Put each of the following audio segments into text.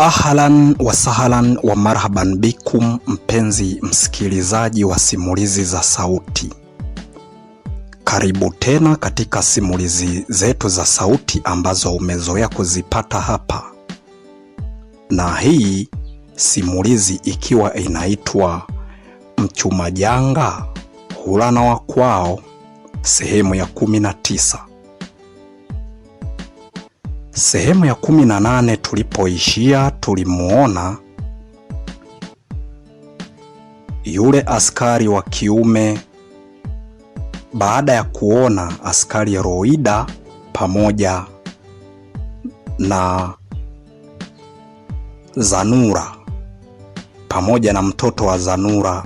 Ahlan wa sahalan wa marhaban bikum, mpenzi msikilizaji wa simulizi za sauti, karibu tena katika simulizi zetu za sauti ambazo umezoea kuzipata hapa, na hii simulizi ikiwa inaitwa Mchuma Janga Hula na Wakwao, sehemu ya 19. Sehemu ya kumi na nane tulipoishia tulimuona yule askari wa kiume baada ya kuona askari Roida pamoja na Zanura pamoja na mtoto wa Zanura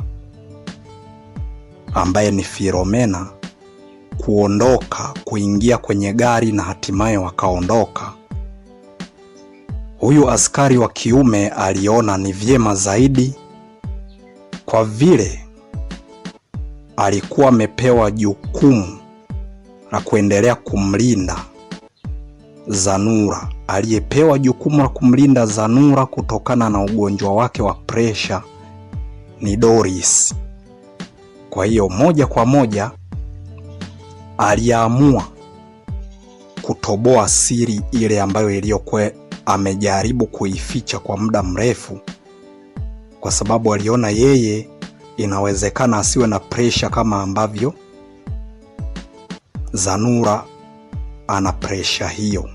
ambaye ni Filomena kuondoka kuingia kwenye gari na hatimaye wakaondoka. Huyu askari wa kiume aliona ni vyema zaidi kwa vile alikuwa amepewa jukumu la kuendelea kumlinda Zanura, aliyepewa jukumu la kumlinda Zanura kutokana na ugonjwa wake wa presha ni Doris. Kwa hiyo moja kwa moja aliamua kutoboa siri ile ambayo iliyokuwa amejaribu kuificha kwa muda mrefu, kwa sababu aliona yeye inawezekana asiwe na presha kama ambavyo Zanura ana presha hiyo.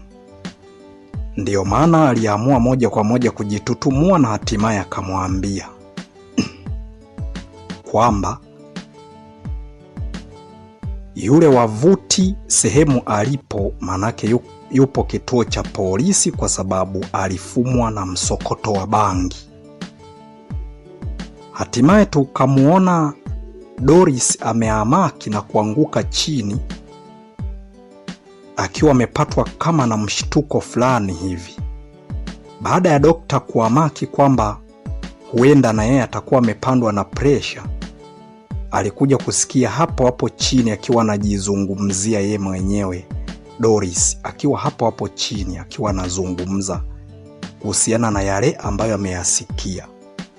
Ndiyo maana aliamua moja kwa moja kujitutumua na hatimaye akamwambia kwamba yule wavuti sehemu alipo, manake yupo kituo cha polisi, kwa sababu alifumwa na msokoto wa bangi. Hatimaye tukamwona Doris ameamaki na kuanguka chini akiwa amepatwa kama na mshtuko fulani hivi, baada ya dokta kuamaki kwamba huenda na yeye atakuwa amepandwa na presha alikuja kusikia hapo hapo chini akiwa anajizungumzia ye mwenyewe Doris, akiwa hapo hapo chini akiwa anazungumza kuhusiana na yale ambayo ameyasikia.